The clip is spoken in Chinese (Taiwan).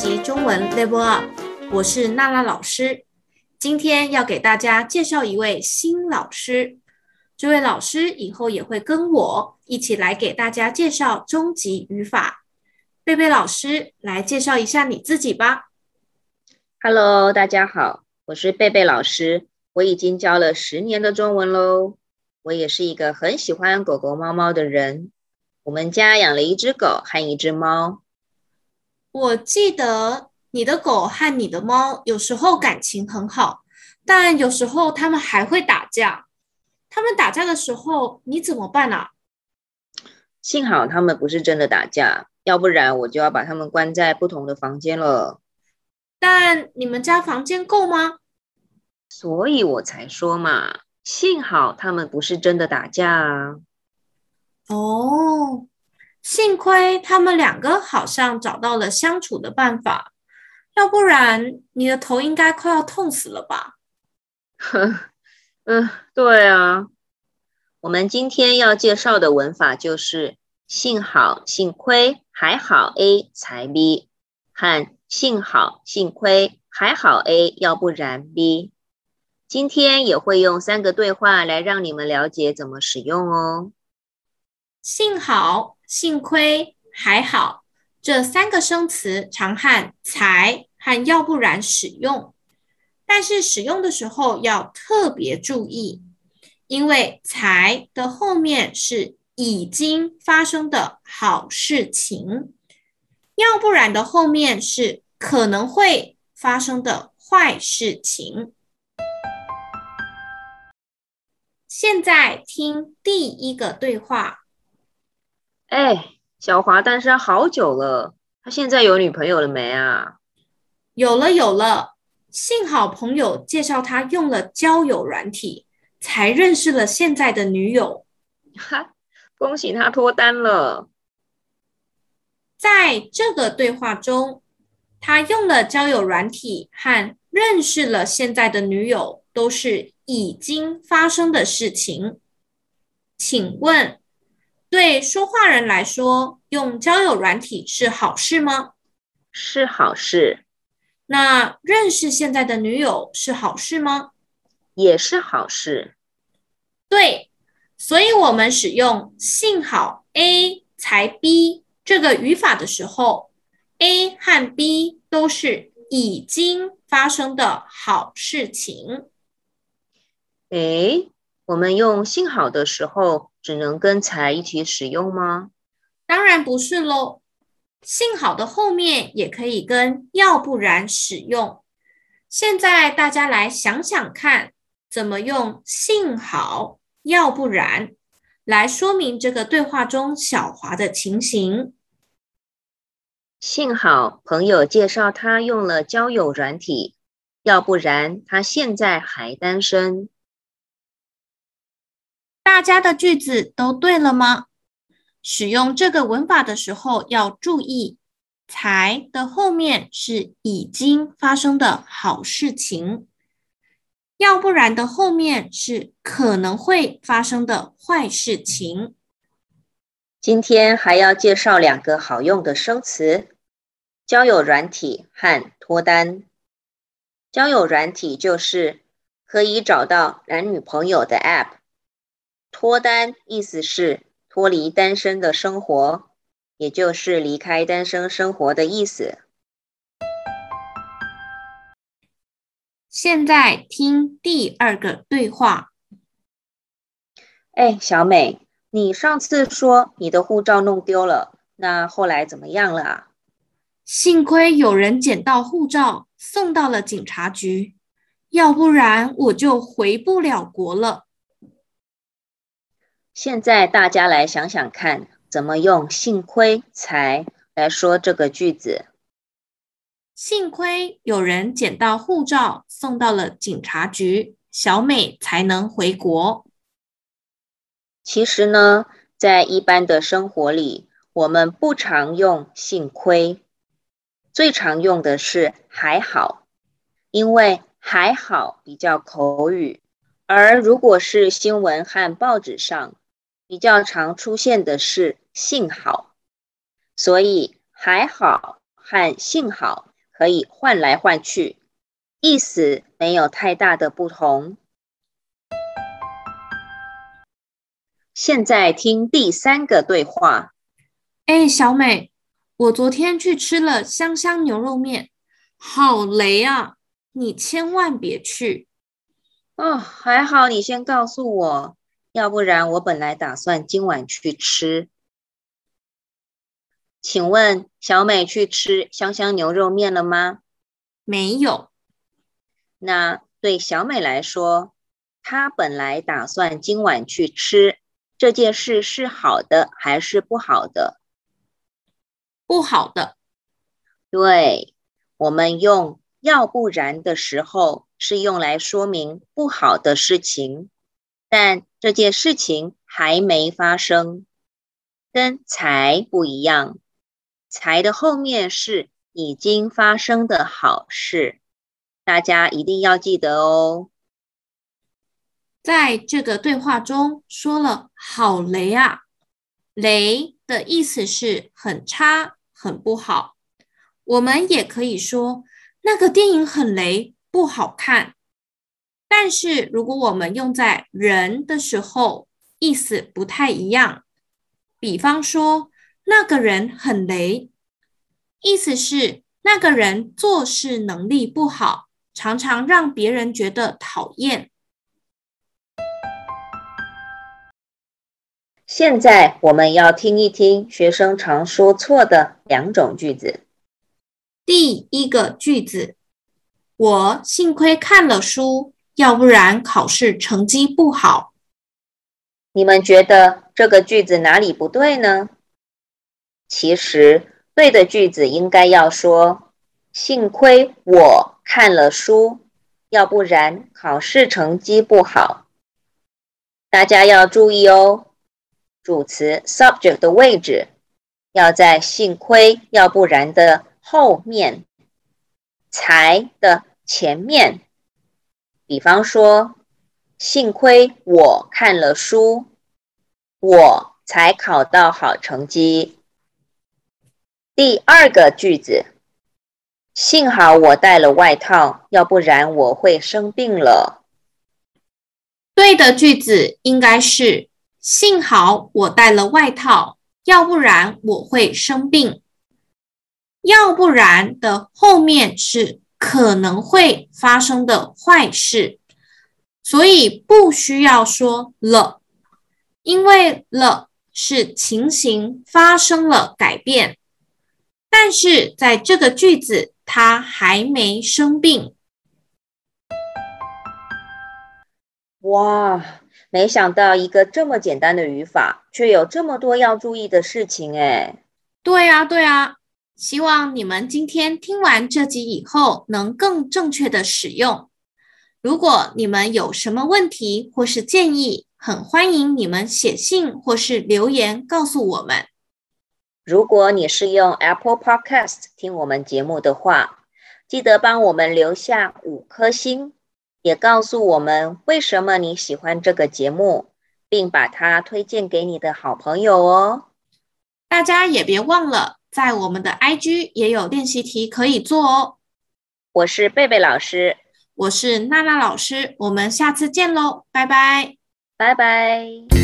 及中文 level up，我是娜娜老師，今天要給大家介紹一位新老師，這位老師以後也會跟我一起來給大家介紹中級語法。貝貝老師，來介紹一下你自己吧。Hello，大家好，我是貝貝老師，我已經教了十年的中文嘍，我也是一個很喜歡狗狗貓貓的人，我們家養了一隻狗和一隻貓。我記得你的狗和你的貓有時候感情很好，但有時候它們還會打架。它們打架的時候，你怎麼辦啊？幸好它們不是真的打架，要不然我就要把它們關在不同的房間了。但你們家房間夠嗎？所以我才說嘛，幸好它們不是真的打架。哦。幸虧他們兩個好像找到了相處的辦法，要不然你的頭應該快要痛死了吧？呵，嗯，對啊。我們今天要介紹的文法就是“幸好、幸虧、還好 A 才 B” 和“幸好、幸虧、還好 A 要不然 B”。今天也會用三個對話來讓你們了解怎麼使用哦。幸好。幸虧還好，這三個生詞常和才和要不然使用，但是使用的時候要特別注意，因為才的後面是已經發生的好事情，要不然的後面是可能會發生的壞事情。現在聽第一個對話。哎，小華單身好久了，他現在有女朋友了沒啊？有了有了，幸好朋友介紹他用了交友軟體，才認識了現在的女友。哈，恭喜他脫單了。在這個對話中，他用了交友軟體和認識了現在的女友，都是已經發生的事情。請問，對說話人來說，用交友軟體是好事嗎？是好事。那認識現在的女友是好事嗎？也是好事。對，所以，我們使用“幸好 A 才 B” 這個語法的時候，A 和 B 都是已經發生的好事情。哎，我們用“幸好”的時候，只能跟才一起使用嗎？當然不是嘍。幸好的後面也可以跟要不然使用。現在大家來想想看，怎麼用幸好、要不然來說明這個對話中小華的情形？幸好朋友介紹他用了交友軟體，要不然他現在還單身。大家的句子都對了嗎？使用這個文法的時候要注意，才的後面是已經發生的好事情，要不然的後面是可能會發生的壞事情。今天還要介紹兩個好用的生詞：交友軟體和脫單。交友軟體就是可以找到男女朋友的 app。脫單意思是脫離單身的生活，也就是離開單身生活的意思。現在聽第二個對話。哎，小美，你上次說你的護照弄丟了，那後來怎麼樣了啊？幸虧有人撿到護照，送到了警察局，要不然我就回不了國了。現在大家來想想看，怎麼用“幸虧才”來說這個句子？幸虧有人撿到護照，送到了警察局，小美才能回國。其實呢，在一般的生活裡，我們不常用“幸虧”，最常用的是“還好”，因為“還好”比較口語。而如果是新聞和報紙上，比較常出現的是“幸好”，所以“還好”和“幸好”可以換來換去，意思沒有太大的不同。現在聽第三個對話。哎，小美，我昨天去吃了香香牛肉麵，好雷啊！你千萬別去。哦，還好，你先告訴我。要不然，我本來打算今晚去吃。請問，小美去吃香香牛肉麵了嗎？沒有。那對小美來說，她本來打算今晚去吃這件事是好的還是不好的？不好的。對，我們用“要不然”的時候是用來說明不好的事情。但這件事情還沒發生，跟“才”不一樣，“才”的後面是已經發生的好事，大家一定要記得哦。在這個對話中說了“好雷啊”，“雷”的意思是很差、很不好。我們也可以說那個電影很雷，不好看。但是，如果我們用在人的時候，意思不太一樣。比方說，那個人很雷，意思是那個人做事能力不好，常常讓別人覺得討厭。現在我們要聽一聽學生常說錯的兩種句子。第一個句子，我幸虧看了書。要不然考試成績不好，你們覺得這個句子哪裡不對呢？其實對的句子應該要說：幸虧我看了書，要不然考試成績不好。大家要注意哦，主詞 subject 的位置要在“幸虧”、“要不然”的後面，才的前面。比方說，幸虧我看了書，我才考到好成績。第二個句子，幸好我帶了外套，要不然我會生病了。對的句子應該是：幸好我帶了外套，要不然我會生病。要不然的後面是可能會發生的壞事，所以不需要說了，因為了是情形發生了改變，但是在這個句子，他還沒生病。哇，沒想到一個這麼簡單的語法，卻有這麼多要注意的事情誒。對呀，對呀。希望你們今天聽完這集以後，能更正確的使用。如果你們有什麼問題或是建議，很歡迎你們寫信或是留言告訴我們。如果你是用 Apple Podcast 聽我們節目的話，記得幫我們留下五顆星，也告訴我們為什麼你喜歡這個節目，並把它推薦給你的好朋友哦。大家也別忘了。在我們的 IG 也有練習題可以做哦。我是貝貝老師，我是娜娜老師，我們下次見嘍，拜拜，拜拜。